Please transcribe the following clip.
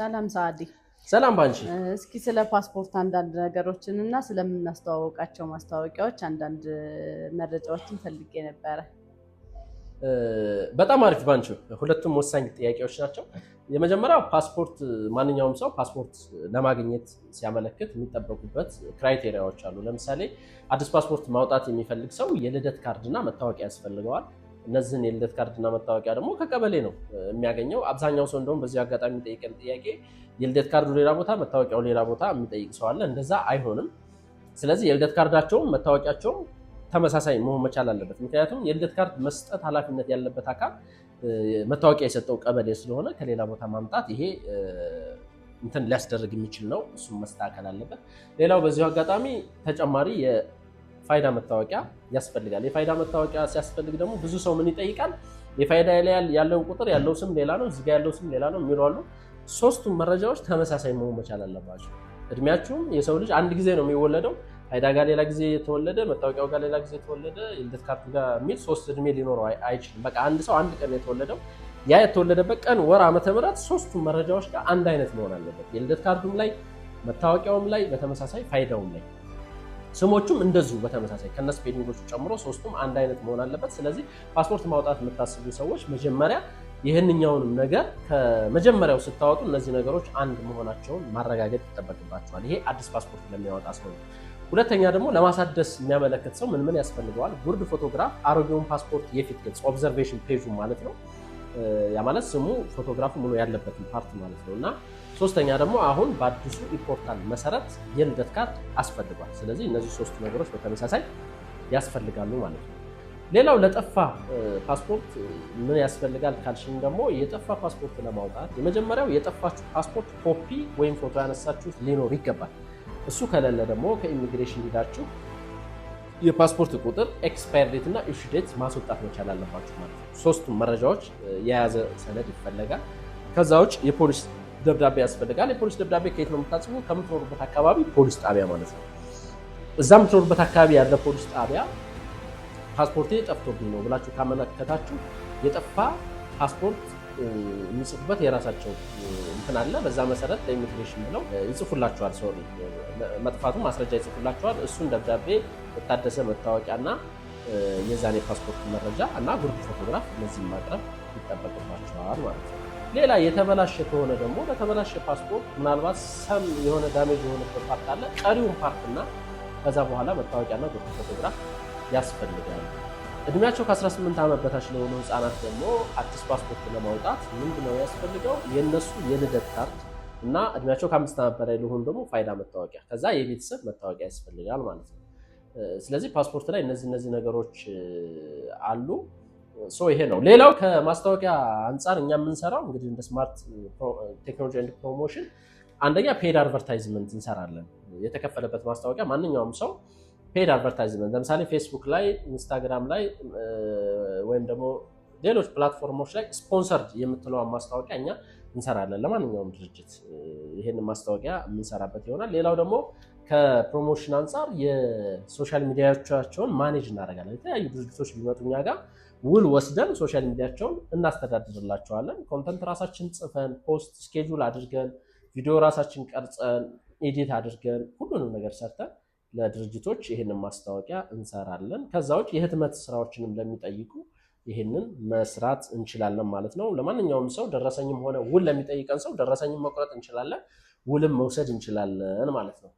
ሰላም ሰዓዲ ሰላም ባንቺ። እስኪ ስለ ፓስፖርት አንዳንድ ነገሮችን እና ስለምናስተዋወቃቸው ማስታወቂያዎች አንዳንድ መረጃዎችን ፈልጌ ነበረ። በጣም አሪፍ ባንቺ። ሁለቱም ወሳኝ ጥያቄዎች ናቸው። የመጀመሪያው ፓስፖርት፣ ማንኛውም ሰው ፓስፖርት ለማግኘት ሲያመለክት የሚጠበቁበት ክራይቴሪያዎች አሉ። ለምሳሌ አዲስ ፓስፖርት ማውጣት የሚፈልግ ሰው የልደት ካርድና መታወቂያ ያስፈልገዋል። እነዚህን የልደት ካርድና መታወቂያ ደግሞ ከቀበሌ ነው የሚያገኘው። አብዛኛው ሰው እንደውም በዚህ አጋጣሚ የሚጠይቀን ጥያቄ የልደት ካርዱ ሌላ ቦታ፣ መታወቂያው ሌላ ቦታ የሚጠይቅ ሰው አለ። እንደዛ አይሆንም። ስለዚህ የልደት ካርዳቸውም መታወቂያቸውም ተመሳሳይ መሆን መቻል አለበት። ምክንያቱም የልደት ካርድ መስጠት ኃላፊነት ያለበት አካል መታወቂያ የሰጠው ቀበሌ ስለሆነ ከሌላ ቦታ ማምጣት ይሄ እንትን ሊያስደርግ የሚችል ነው። እሱም መስተካከል አለበት። ሌላው በዚሁ አጋጣሚ ተጨማሪ ፋይዳ መታወቂያ ያስፈልጋል። የፋይዳ መታወቂያ ሲያስፈልግ ደግሞ ብዙ ሰው ምን ይጠይቃል? የፋይዳ ላይ ያለው ቁጥር ያለው ስም ሌላ ነው፣ እዚጋ ያለው ስም ሌላ ነው የሚሉ አሉ። ሶስቱም መረጃዎች ተመሳሳይ መሆን መቻል አለባቸው። እድሜያችሁም የሰው ልጅ አንድ ጊዜ ነው የሚወለደው። ፋይዳ ጋር ሌላ ጊዜ የተወለደ መታወቂያው ጋር ሌላ ጊዜ የተወለደ የልደት ካርዱ ጋር የሚል ሶስት እድሜ ሊኖረው አይችልም። በቃ አንድ ሰው አንድ ቀን የተወለደው ያ የተወለደበት ቀን፣ ወር፣ ዓመተ ምህረት ሶስቱም መረጃዎች ጋር አንድ አይነት መሆን አለበት። የልደት ካርዱም ላይ መታወቂያውም ላይ በተመሳሳይ ፋይዳውም ላይ ስሞቹም እንደዚሁ በተመሳሳይ ከነ ስፔሊንጎቹ ጨምሮ ሶስቱም አንድ አይነት መሆን አለበት። ስለዚህ ፓስፖርት ማውጣት የምታስቡ ሰዎች መጀመሪያ ይህንኛውንም ነገር ከመጀመሪያው ስታወጡ እነዚህ ነገሮች አንድ መሆናቸውን ማረጋገጥ ይጠበቅባቸዋል። ይሄ አዲስ ፓስፖርት ለሚያወጣ ሰው ነው። ሁለተኛ ደግሞ ለማሳደስ የሚያመለክት ሰው ምን ምን ያስፈልገዋል? ጉርድ ፎቶግራፍ፣ አሮጌውን ፓስፖርት የፊት ገጽ ኦብዘርቬሽን ፔጁ ማለት ነው። ያ ማለት ስሙ፣ ፎቶግራፉ ሙሉ ያለበትን ፓርት ማለት ነው እና ሶስተኛ ደግሞ አሁን በአዲሱ ኢፖርታል መሰረት የልደት ካርድ አስፈልጓል። ስለዚህ እነዚህ ሶስቱ ነገሮች በተመሳሳይ ያስፈልጋሉ ማለት ነው። ሌላው ለጠፋ ፓስፖርት ምን ያስፈልጋል ካልሽኝ ደግሞ የጠፋ ፓስፖርት ለማውጣት የመጀመሪያው የጠፋችሁ ፓስፖርት ኮፒ ወይም ፎቶ ያነሳችሁ ሊኖር ይገባል። እሱ ከሌለ ደግሞ ከኢሚግሬሽን ሄዳችሁ የፓስፖርት ቁጥር ኤክስፓየር ዴት እና ኢሹ ዴት ማስወጣት መቻል አለባችሁ ማለት ነው። ሶስቱም መረጃዎች የያዘ ሰነድ ይፈለጋል። ከዛ ውጭ የፖሊስ ደብዳቤ ያስፈልጋል። የፖሊስ ደብዳቤ ከየት ነው የምታጽፉ? ከምትኖሩበት አካባቢ ፖሊስ ጣቢያ ማለት ነው። እዛ የምትኖሩበት አካባቢ ያለ ፖሊስ ጣቢያ ፓስፖርቴ ጠፍቶብኝ ነው ብላችሁ ካመለከታችሁ የጠፋ ፓስፖርት የሚጽፉበት የራሳቸው እንትን አለ። በዛ መሰረት ለኢሚግሬሽን ብለው ይጽፉላችኋል። ሰው መጥፋቱ ማስረጃ ይጽፉላችኋል። እሱን ደብዳቤ፣ የታደሰ መታወቂያ እና የዛኔ ፓስፖርት መረጃ እና ጉርድ ፎቶግራፍ እነዚህ ማቅረብ ይጠበቅባቸዋል ማለት ነው። ሌላ የተበላሸ ከሆነ ደግሞ ለተበላሸ ፓስፖርት ምናልባት ሰም የሆነ ዳሜጅ የሆነበት ፓርት አለ። ቀሪውን ፓርትና ከዛ በኋላ መታወቂያና ፎቶግራፍ ያስፈልጋል። እድሜያቸው ከ18 ዓመት በታች ለሆኑ ህፃናት ደግሞ አዲስ ፓስፖርት ለማውጣት ምንድነው ያስፈልገው? የእነሱ የልደት ካርድ እና እድሜያቸው ከአምስት ዓመት በላይ ለሆኑ ደግሞ ፋይዳ መታወቂያ፣ ከዛ የቤተሰብ መታወቂያ ያስፈልጋል ማለት ነው። ስለዚህ ፓስፖርት ላይ እነዚህ እነዚህ ነገሮች አሉ። ይሄ ነው። ሌላው ከማስታወቂያ አንጻር እኛ የምንሰራው እንግዲህ እንደ ስማርት ቴክኖሎጂ ኤንድ ፕሮሞሽን አንደኛ ፔድ አድቨርታይዝመንት እንሰራለን። የተከፈለበት ማስታወቂያ ማንኛውም ሰው ፔድ አድቨርታይዝመንት ለምሳሌ ፌስቡክ ላይ፣ ኢንስታግራም ላይ ወይም ደግሞ ሌሎች ፕላትፎርሞች ላይ ስፖንሰርድ የምትለውን ማስታወቂያ እኛ እንሰራለን ለማንኛውም ድርጅት ይህንን ማስታወቂያ የምንሰራበት ይሆናል። ሌላው ደግሞ ከፕሮሞሽን አንጻር የሶሻል ሚዲያዎቻቸውን ማኔጅ እናደርጋለን። የተለያዩ ድርጅቶች ቢመጡ እኛ ጋር ውል ወስደን ሶሻል ሚዲያቸውን እናስተዳድርላቸዋለን። ኮንተንት ራሳችን ጽፈን ፖስት ስኬጁል አድርገን ቪዲዮ ራሳችን ቀርጸን ኤዲት አድርገን ሁሉንም ነገር ሰርተን ለድርጅቶች ይህንን ማስታወቂያ እንሰራለን። ከዛ ውጭ የህትመት ስራዎችንም ለሚጠይቁ ይህንን መስራት እንችላለን ማለት ነው። ለማንኛውም ሰው ደረሰኝም ሆነ ውል ለሚጠይቀን ሰው ደረሰኝም መቁረጥ እንችላለን፣ ውልም መውሰድ እንችላለን ማለት ነው።